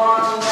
one.